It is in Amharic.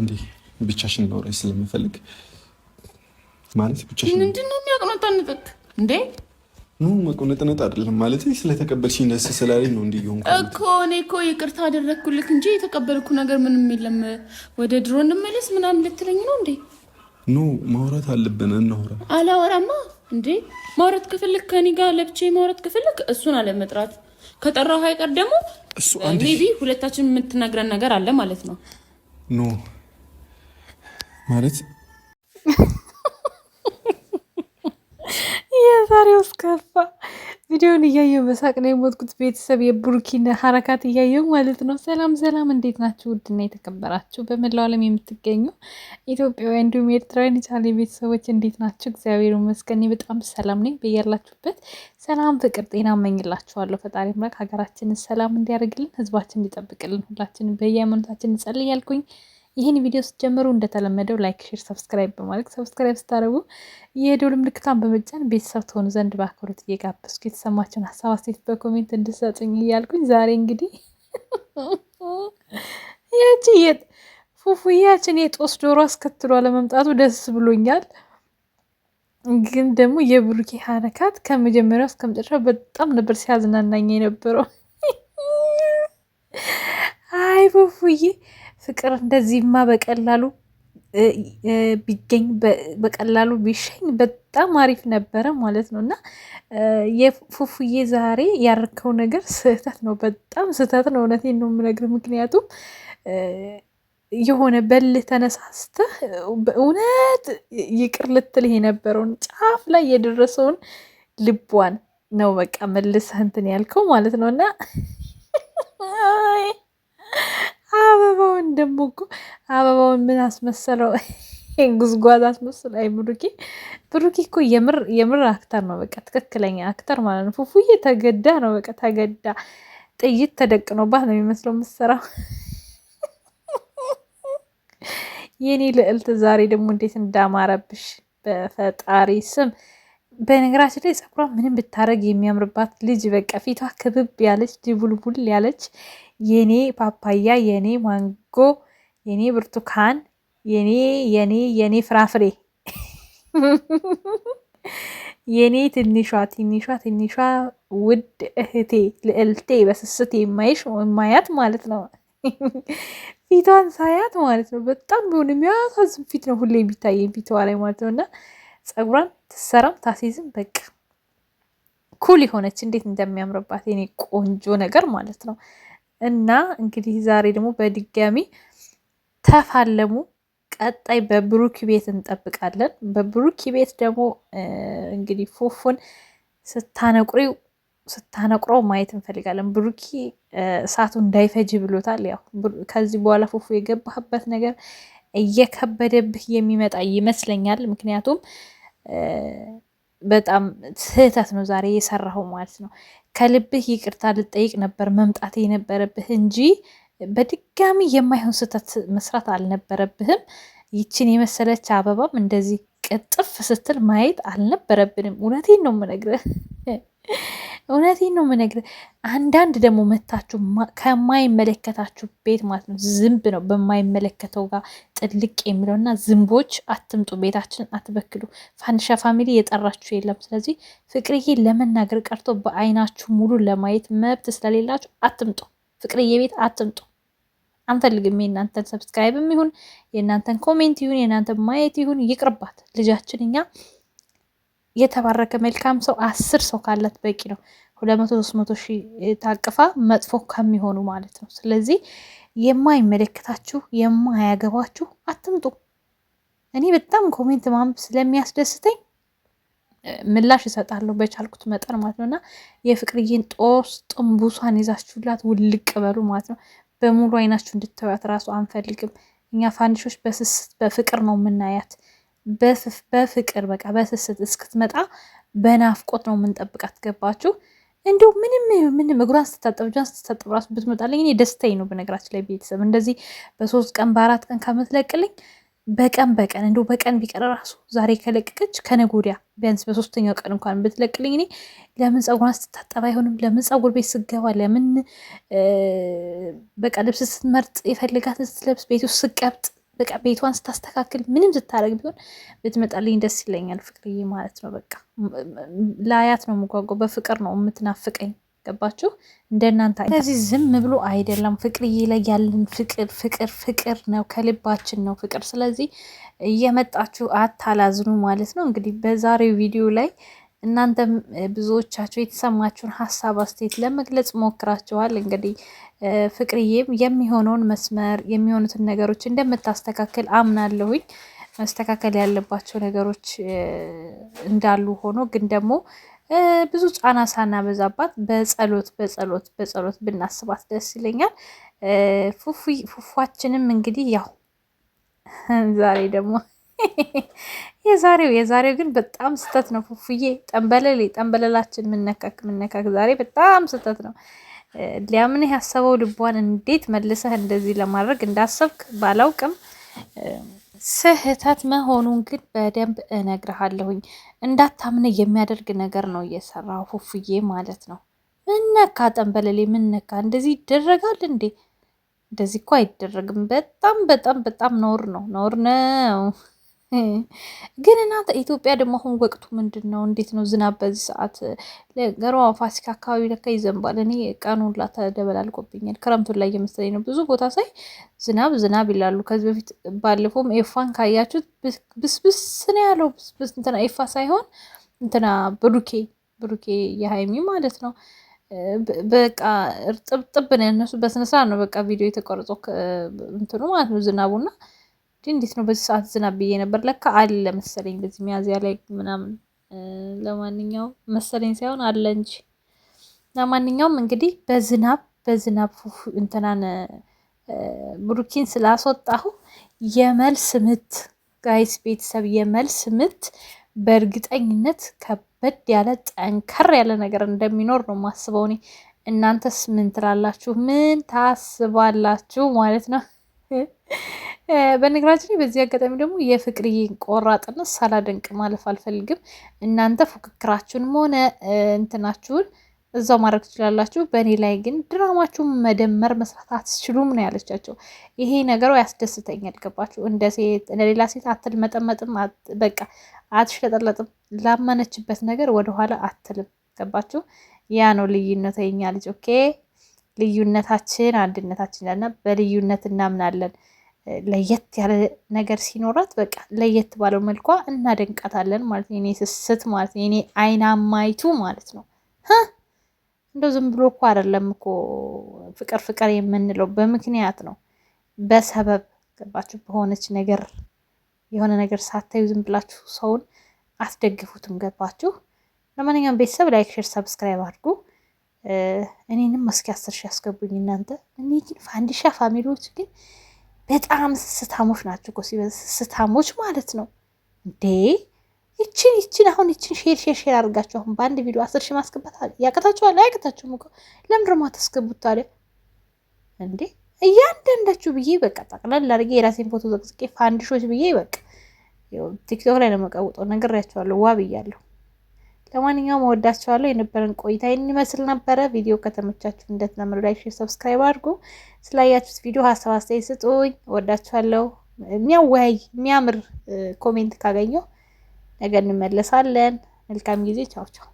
አንዴ ብቻሽን ላውራሽ ስለምፈልግ ማለት ብቻሽን ምንድን ነው የሚያቆነጠንጥት እንዴ? ኑ መቆነጥነጥ አይደለም ማለት ስለተቀበልሽኝ ደስ ስላለኝ ነው። እንዲ ሆን እኮ እኔ እኮ ይቅርታ አደረግኩልክ እንጂ የተቀበልኩ ነገር ምንም የለም። ወደ ድሮ እንመለስ ምናምን ልትለኝ ነው እንዴ? ኑ ማውራት አለብን፣ እናውራ። አላወራማ እንዴ? ማውራት ክፍልክ ከኔ ጋር ለብቼ ማውራት ክፍልክ እሱን አለመጥራት ከጠራው ሀይቀር ደግሞ ቢ ሁለታችን የምትነግረን ነገር አለ ማለት ነው ኖ ማለት የዛሬው እስከፋ ቪዲዮን እያየው በሳቅ ነው የሞትኩት። ቤተሰብ የብሩኪን ሀረካት እያየው ማለት ነው። ሰላም ሰላም፣ እንዴት ናችሁ? ውድና የተከበራችሁ በመላው ዓለም የምትገኙ ኢትዮጵያውያን እንዲሁም ኤርትራውያን የቻለ ቤተሰቦች እንዴት ናችሁ? እግዚአብሔር ይመስገን በጣም ሰላም ነኝ። በያላችሁበት ሰላም፣ ፍቅር፣ ጤና እመኝላችኋለሁ። ፈጣሪ አምላክ ሀገራችንን ሰላም እንዲያደርግልን፣ ህዝባችን እንዲጠብቅልን ሁላችን በየሃይማኖታችን እንጸልያልኩኝ ይህን ቪዲዮ ስትጀምሩ እንደተለመደው ላይክ፣ ሼር፣ ሰብስክራይብ በማድረግ ሰብስክራይብ ስታደርጉ የደውል ምልክቷን በመጫን ቤተሰብ ትሆኑ ዘንድ በአክብሮት እየጋበዝኩ የተሰማቸውን ሀሳብ አስተያየት በኮሜንት እንድሰጡኝ እያልኩኝ ዛሬ እንግዲህ ያቺ ፉፉያችን የጦስ ዶሮ አስከትሎ ለመምጣቱ ደስ ብሎኛል። ግን ደግሞ የብሩኬ ሀረካት ከመጀመሪያው እስከ መጨረሻው በጣም ነበር ሲያዝናናኝ የነበረው። አይ ፉፉዬ ፍቅር እንደዚህማ በቀላሉ ቢገኝ በቀላሉ ቢሸኝ በጣም አሪፍ ነበረ ማለት ነው። እና የፉፉዬ ዛሬ ያርከው ነገር ስህተት ነው፣ በጣም ስህተት ነው። እውነቴን ነው የምነግርህ። ምክንያቱም የሆነ በልህ ተነሳስተህ በእውነት ይቅር ልትልህ የነበረውን ጫፍ ላይ የደረሰውን ልቧን ነው በቃ መልሰህ እንትን ያልከው ማለት ነው እና ደግሞ እኮ አበባውን ምን አስመሰለው? ጉዝጓዝ አስመስል። አይ ብሩኬ ብሩኬ እኮ የምር አክተር ነው። በቃ ትክክለኛ አክተር ማለት ነው። ፉፉዬ ተገዳ ነው። በቃ ተገዳ ጥይት ተደቅኖባት ነው የሚመስለው የምትሰራው። የኔ ልዕልት ዛሬ ደግሞ እንዴት እንዳማረብሽ በፈጣሪ ስም በነገራችን ላይ ጸጉሯ ምንም ብታደረግ የሚያምርባት ልጅ በቃ ፊቷ ክብብ ያለች ድቡልቡል ያለች የኔ ፓፓያ፣ የኔ ማንጎ፣ የኔ ብርቱካን፣ የኔ የኔ የኔ ፍራፍሬ፣ የኔ ትንሿ ትንሿ ትንሿ ውድ እህቴ ልዕልቴ፣ በስስት የማይሽ የማያት ማለት ነው። ፊቷን ሳያት ማለት ነው። በጣም ሆን የሚያሳዝን ፊት ነው ሁሌ የሚታየኝ ፊቷ ላይ ማለት ነው እና ጸጉሯን ትሰራም ታሲዝም በቃ ኩል የሆነች እንዴት እንደሚያምርባት የኔ ቆንጆ ነገር ማለት ነው። እና እንግዲህ ዛሬ ደግሞ በድጋሚ ተፋለሙ። ቀጣይ በብሩኪ ቤት እንጠብቃለን። በብሩኪ ቤት ደግሞ እንግዲህ ፉፉን ስታነቁሪው ስታነቁረው ማየት እንፈልጋለን። ብሩኪ እሳቱ እንዳይፈጅ ብሎታል። ያው ከዚህ በኋላ ፉፉ የገባህበት ነገር እየከበደብህ የሚመጣ ይመስለኛል። ምክንያቱም በጣም ስህተት ነው ዛሬ የሰራኸው ማለት ነው። ከልብህ ይቅርታ ልጠይቅ ነበር መምጣት የነበረብህ እንጂ በድጋሚ የማይሆን ስህተት መስራት አልነበረብህም። ይችን የመሰለች አበባም እንደዚህ ቅጥፍ ስትል ማየት አልነበረብንም። እውነቴን ነው የምነግርህ። እውነቴን ነው የምነግርህ። አንዳንድ ደግሞ መታችሁ ከማይመለከታችሁ ቤት ማለት ነው ዝንብ ነው በማይመለከተው ጋር ጥልቅ የሚለው እና ዝንቦች አትምጡ፣ ቤታችንን አትበክሉ። ፋንሻ ፋሚሊ የጠራችሁ የለም። ስለዚህ ፍቅርዬ ለመናገር ቀርቶ በአይናችሁ ሙሉ ለማየት መብት ስለሌላችሁ አትምጡ፣ ፍቅርዬ ቤት አትምጡ። አንፈልግም የእናንተን ሰብስክራይብም ይሁን የእናንተን ኮሜንት ይሁን የእናንተን ማየት ይሁን ይቅርባት ልጃችን እኛ የተባረከ መልካም ሰው አስር ሰው ካላት በቂ ነው። ሁለት መቶ ሶስት መቶ ሺህ ታቅፋ መጥፎ ከሚሆኑ ማለት ነው። ስለዚህ የማይመለከታችሁ የማያገባችሁ አትምጡ። እኔ በጣም ኮሜንት ማንበብ ስለሚያስደስተኝ ምላሽ ይሰጣለሁ በቻልኩት መጠን ማለት ነው። እና የፍቅርዬን ጦስ ጥንቡሷን ይዛችሁላት ውልቅ በሉ ማለት ነው። በሙሉ አይናችሁ እንድታዩት ራሱ አንፈልግም። እኛ ፋንዲሾች በስስት በፍቅር ነው የምናያት። በፍቅር በቃ በስስት እስክትመጣ በናፍቆት ነው የምንጠብቃት። ገባችሁ? እንዲሁ ምንም ምንም እግሯን ስትታጠብ እጇን ስትታጠብ ራሱ ብትመጣልኝ እኔ ደስታዬ ነው። በነገራችን ላይ ቤተሰብ እንደዚህ በሶስት ቀን በአራት ቀን ከምትለቅልኝ በቀን በቀን እንዲሁ በቀን ቢቀር ራሱ ዛሬ ከለቀቀች ከነጎዲያ ቢያንስ በሶስተኛው ቀን እንኳን ብትለቅልኝ እኔ ለምን ፀጉሯን ስትታጠብ አይሆንም? ለምን ፀጉር ቤት ስገባ ለምን በቃ ልብስ ስትመርጥ የፈልጋትን ስትለብስ ቤት ውስጥ ስቀብጥ በቃ ቤቷን ስታስተካክል ምንም ስታደርግ ቢሆን ብትመጣልኝ ደስ ይለኛል ፍቅርዬ ማለት ነው። በቃ ላያት ነው የምጓጓው። በፍቅር ነው የምትናፍቀኝ። ገባችሁ? እንደናንተ ስለዚህ ዝም ብሎ አይደለም ፍቅርዬ ላይ ያለን ፍቅር ፍቅር ፍቅር ነው፣ ከልባችን ነው ፍቅር። ስለዚህ እየመጣችሁ አታላዝኑ ማለት ነው። እንግዲህ በዛሬው ቪዲዮ ላይ እናንተም ብዙዎቻችሁ የተሰማችሁን ሀሳብ አስተያየት ለመግለጽ ሞክራችኋል። እንግዲህ ፍቅርዬም የሚሆነውን መስመር የሚሆኑትን ነገሮች እንደምታስተካከል አምናለሁኝ። መስተካከል ያለባቸው ነገሮች እንዳሉ ሆኖ ግን ደግሞ ብዙ ጫና ሳናበዛባት በጸሎት በጸሎት በጸሎት ብናስባት ደስ ይለኛል። ፉፉ ፉፏችንም እንግዲህ ያው ዛሬ ደግሞ የዛሬው የዛሬው ግን በጣም ስተት ነው። ፉፉዬ ጠንበለሌ ጠንበለላችን ምነካክ ምነካክ ዛሬ በጣም ስተት ነው። ሊያምንህ ያሰበው ልቧን እንዴት መልሰህ እንደዚህ ለማድረግ እንዳሰብክ ባላውቅም ስህተት መሆኑን ግን በደንብ እነግርሃለሁኝ። እንዳታምን የሚያደርግ ነገር ነው እየሰራ ፉፉዬ ማለት ነው። ምነካ ጠንበለሌ ምነካ፣ እንደዚህ ይደረጋል እንዴ? እንደዚህ እኮ አይደረግም። በጣም በጣም በጣም ነውር ነው፣ ነውር ነው። ግን እናንተ ኢትዮጵያ ደግሞ አሁን ወቅቱ ምንድን ነው? እንዴት ነው ዝናብ በዚህ ሰዓት? ለገሯ ፋሲካ አካባቢ ለካ ይዘንባል። እኔ ቀኑን ላ ተደበላልቆብኛል። ክረምቱን ላይ የመሰለኝ ነው። ብዙ ቦታ ሳይ ዝናብ ዝናብ ይላሉ። ከዚህ በፊት ባለፈውም ኤፋን ካያችሁት ብስብስ ነው ያለው። ብስብስ እንትና ኤፋ ሳይሆን እንትና ብሩኬ ብሩኬ የሀይሚ ማለት ነው። በቃ እርጥብጥብ ነው። እነሱ በስነስርዓት ነው በቃ ቪዲዮ የተቀረጸው እንትኑ ማለት ነው ዝናቡና እንዴት ነው በዚህ ሰዓት ዝናብ ብዬ ነበር። ለካ አለ መሰለኝ በዚህ ሚያዝያ ላይ ምናምን ለማንኛውም መሰለኝ ሳይሆን አለ እንጂ ለማንኛውም እንግዲህ በዝናብ በዝናብ እንትናን ብሩኪን ስላስወጣሁ የመልስ ምት ጋይስ ቤተሰብ የመልስ ምት በእርግጠኝነት ከበድ ያለ ጠንከር ያለ ነገር እንደሚኖር ነው ማስበው እኔ። እናንተስ ምን ትላላችሁ? ምን ታስባላችሁ ማለት ነው? በነገራችን ላይ በዚህ አጋጣሚ ደግሞ የፍቅርዬን ቆራጥነት ሳላደንቅ ማለፍ አልፈልግም። እናንተ ፉክክራችሁንም ሆነ እንትናችሁን እዛው ማድረግ ትችላላችሁ፣ በእኔ ላይ ግን ድራማችሁን መደመር መስራት አትችሉም ነው ያለቻቸው። ይሄ ነገሩ ያስደስተኛል። ገባችሁ? እንደ ሴት እንደ ሌላ ሴት አትልመጠመጥም፣ በቃ አትሽለጠለጥም። ላመነችበት ነገር ወደኋላ አትልም። ገባችሁ? ያ ነው ልዩነት የኛ ልጅ። ኦኬ ልዩነታችን አንድነታችን ያልና በልዩነት እናምናለን። ለየት ያለ ነገር ሲኖራት በቃ ለየት ባለው መልኳ እናደንቃታለን ማለት ነው። የኔ ስስት ማለት ነው። የኔ አይናማይቱ ማለት ነው። እንደው ዝም ብሎ እኮ አይደለም እኮ ፍቅር ፍቅር የምንለው በምክንያት ነው፣ በሰበብ ገባችሁ። በሆነች ነገር የሆነ ነገር ሳታዩ ዝም ብላችሁ ሰውን አትደግፉትም። ገባችሁ። ለማንኛውም ቤተሰብ ላይክ፣ ሼር፣ ሰብስክራይብ አድርጉ። እኔንም እስኪ አስር ሺ ያስገቡኝ እናንተ። እኔ ግን ፋንዲሻ ፋሚሊዎች ግን በጣም ስስታሞች ናቸው እኮ ሲበዛ ስስታሞች ማለት ነው እንዴ! ይችን ይችን አሁን ይችን ሼር ሼር ሼር አድርጋችሁ አሁን በአንድ ቪዲዮ አስር ሺህ ማስገባት ያቅታችኋል? አያቅታችሁም እኮ ለምን ደግሞ አታስገቡት ታዲያ እንዴ? እያንዳንዳችሁ ብዬ በቃ ጠቅላላ አድርጌ የራሴን ፎቶ ዘቅዝቄ ፋንዲሾች ብዬ በቃ ቲክቶክ ላይ ለመቀውጠው ነግሬያቸዋለሁ። ዋ ብያለሁ። ለማንኛውም ወዳችኋለሁ። የነበረን ቆይታ ይህን ይመስል ነበረ። ቪዲዮ ከተመቻችሁ እንደተለመደው ላይክ፣ ሼር፣ ሰብስክራይብ አድርጉ። ስላያችሁት ቪዲዮ ሀሳብ አስተያየት ስጡኝ። ወዳችኋለሁ። የሚያወያይ የሚያምር ኮሜንት ካገኘው ነገ እንመለሳለን። መልካም ጊዜ። ቻው ቻው።